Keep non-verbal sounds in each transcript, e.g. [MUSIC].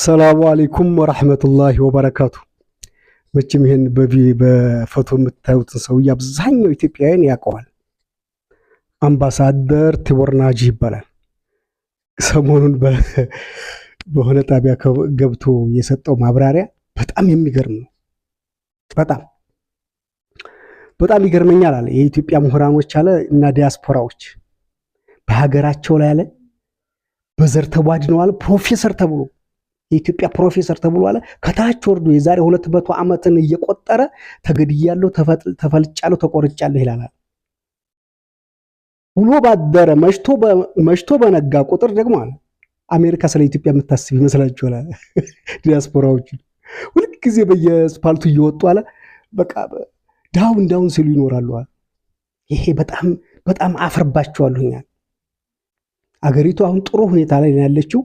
ሰላሙ አሌይኩም ወራህመቱላሂ ወበረካቱ። መቼም ይህን በፎቶ የምታዩትን ሰውዬ አብዛኛው ኢትዮጵያውያን ያውቀዋል። አምባሳደር ቲቦር ናጂ ይባላል። ሰሞኑን በሆነ ጣቢያ ገብቶ የሰጠው ማብራሪያ በጣም የሚገርም ነው። በጣም በጣም ይገርመኛል አለ የኢትዮጵያ ምሁራኖች አለ እና ዲያስፖራዎች በሀገራቸው ላይ አለ በዘር ተቧድነዋል ፕሮፌሰር ተብሎ የኢትዮጵያ ፕሮፌሰር ተብሎ አለ ከታች ወርዶ የዛሬ ሁለት መቶ ዓመትን እየቆጠረ ተገድያለሁ፣ ተፈልጫለሁ፣ ተቆርጫለሁ ይላል። ውሎ ባደረ መሽቶ በነጋ ቁጥር ደግሞ አለ አሜሪካ ስለ ኢትዮጵያ የምታስብ ይመስላችኋል? [LAUGHS] ዲያስፖራዎቹ ሁልጊዜ በየስፓልቱ እየወጡ አለ በቃ ዳውን ዳውን ሲሉ ይኖራሉ። ይሄ በጣም በጣም አገሪቱ አሁን ጥሩ ሁኔታ ላይ ያለችው።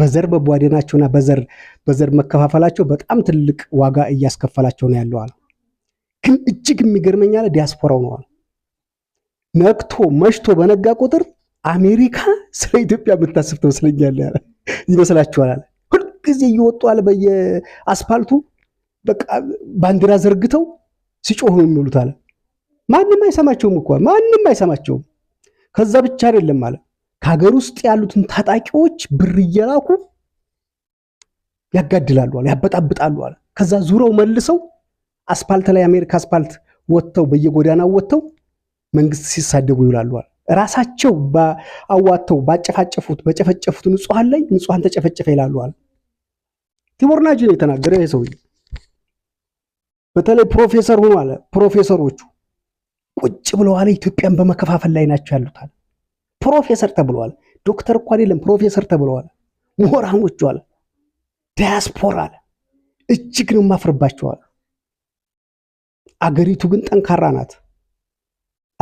በዘር መቧደናቸውና በዘር በዘር መከፋፈላቸው በጣም ትልቅ ዋጋ እያስከፈላቸው ነው ያለዋል። ግን እጅግ የሚገርመኝ አለ ዲያስፖራው ነዋል። ነግቶ መሽቶ በነጋ ቁጥር አሜሪካ ስለ ኢትዮጵያ የምታስብ ትመስለኛለ ይመስላችኋል አለ። ሁልጊዜ እየወጡ አለ በየአስፋልቱ በቃ ባንዲራ ዘርግተው ሲጮህ ነው የሚውሉት አለ። ማንም አይሰማቸውም እኮ ማንም አይሰማቸውም። ከዛ ብቻ አይደለም አለ ከሀገር ውስጥ ያሉትን ታጣቂዎች ብር እየላኩ ያጋድላሉ አለ፣ ያበጣብጣሉ አለ። ከዛ ዙረው መልሰው አስፓልት ላይ አሜሪካ አስፓልት ወጥተው በየጎዳናው ወጥተው መንግስት ሲሳደቡ ይውላሉ አለ። ራሳቸው አዋተው ባጨፋጨፉት በጨፈጨፉት ንጹሐን ላይ ንጹሐን ተጨፈጨፈ ይላሉ አለ። ቲቦርናጅ ናጅ ነው የተናገረ ይሄ ሰው በተለይ ፕሮፌሰር ሆኖ አለ ፕሮፌሰሮቹ ቁጭ ብለው አለ ኢትዮጵያን በመከፋፈል ላይ ናቸው ያሉታል። ፕሮፌሰር ተብለዋል። ዶክተር እኳ አይደለም ፕሮፌሰር ተብለዋል። ምሁራኖቹ አለ አለ እጅግ ነው የማፍርባቸዋል አገሪቱ ግን ጠንካራ ናት።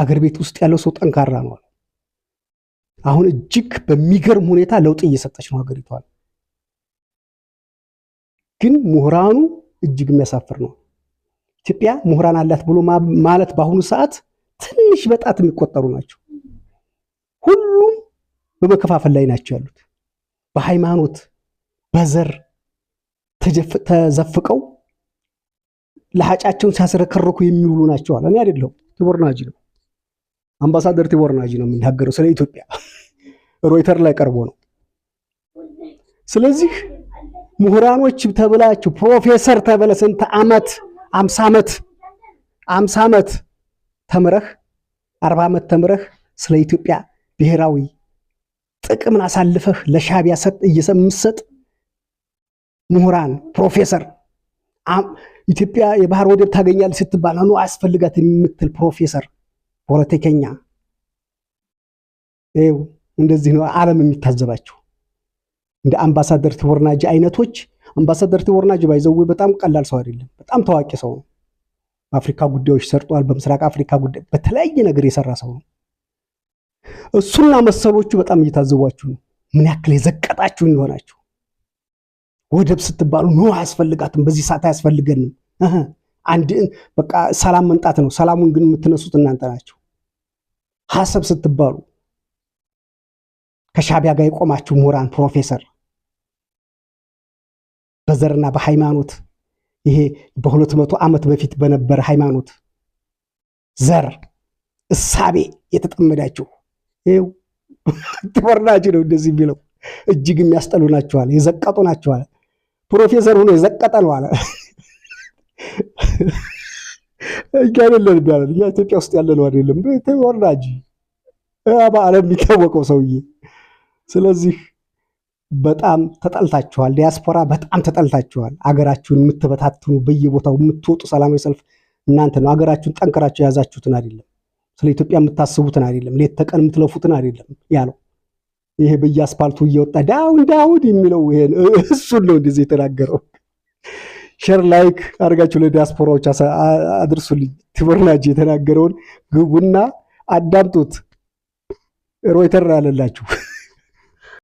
አገር ቤት ውስጥ ያለው ሰው ጠንካራ ነው። አሁን እጅግ በሚገርም ሁኔታ ለውጥ እየሰጠች ነው ሀገሪቷል። ግን ምሁራኑ እጅግ የሚያሳፍር ነው። ኢትዮጵያ ምሁራን አላት ብሎ ማለት በአሁኑ ሰዓት ትንሽ በጣት የሚቆጠሩ ናቸው። ሁሉም በመከፋፈል ላይ ናቸው ያሉት። በሃይማኖት በዘር ተዘፍቀው ለሀጫቸውን ሲያስረከረኩ የሚውሉ ናቸዋል። እኔ አይደለሁ ቲቦር ናጂ ነው፣ አምባሳደር ቲቦር ናጂ ነው የሚናገረው ስለ ኢትዮጵያ። [LAUGHS] ሮይተር ላይ ቀርቦ ነው። ስለዚህ ምሁራኖች ተብላችሁ ፕሮፌሰር ተብለ ስንት ዓመት አምሳ ዓመት አምሳ ዓመት ተምረህ አርባ ዓመት ተምረህ ስለ ኢትዮጵያ ብሔራዊ ጥቅምን አሳልፈህ ለሻቢያ ሰጥ እየሰምሰጥ ምሁራን ፕሮፌሰር ኢትዮጵያ የባህር ወደብ ታገኛል ስትባል ኑ አያስፈልጋት የምትል ፕሮፌሰር ፖለቲከኛ ይኸው እንደዚህ ነው ዓለም የሚታዘባቸው። እንደ አምባሳደር ትወርናጅ አይነቶች አምባሳደር ትወርናጅ ባይዘው በጣም ቀላል ሰው አይደለም። በጣም ታዋቂ ሰው ነው። በአፍሪካ ጉዳዮች ሰርጧል። በምስራቅ አፍሪካ ጉዳይ በተለያየ ነገር የሰራ ሰው ነው። እሱና መሰሎቹ በጣም እየታዘቧችሁ ነው። ምን ያክል የዘቀጣችሁ ይሆናችሁ። ወደብ ስትባሉ ኖ አያስፈልጋትም፣ በዚህ ሰዓት አያስፈልገንም፣ አንድ በቃ ሰላም መምጣት ነው። ሰላሙን ግን የምትነሱት እናንተ ናችሁ። ሀሰብ ስትባሉ ከሻቢያ ጋር የቆማችሁ ምሁራን፣ ፕሮፌሰር በዘርና በሃይማኖት ይሄ በሁለት መቶ ዓመት በፊት በነበረ ሃይማኖት ዘር እሳቤ የተጠመዳችሁ ይው [LAUGHS] ነው እንደዚህ የሚለው እጅግ የሚያስጠሉ ናቸዋል፣ የዘቀጡ ናቸዋል። ፕሮፌሰር ሆኖ የዘቀጠ ነው አለ። [LAUGHS] እኛ አይደለን ያለ እኛ ኢትዮጵያ ውስጥ ያለ ነው አይደለም፣ ወራጅ በዓለም የሚታወቀው ሰውዬ። ስለዚህ በጣም ተጠልታችኋል፣ ዲያስፖራ በጣም ተጠልታችኋል። አገራችሁን የምትበታትኑ በየቦታው የምትወጡ ሰላማዊ ሰልፍ እናንተ ነው። አገራችሁን ጠንክራችሁ የያዛችሁትን አይደለም። ስለ ኢትዮጵያ የምታስቡትን አይደለም፣ ሌት ተቀን የምትለፉትን አይደለም ያለው። ይሄ በየአስፓልቱ እየወጣ ዳውን ዳውን የሚለው ይሄን እሱን ነው እንደዚህ የተናገረው። ሸር ላይክ አድርጋችሁ ለዲያስፖራዎች አድርሱልኝ። ቲቦርናጅ የተናገረውን ግቡና አዳምጡት። ሮይተር አለላችሁ።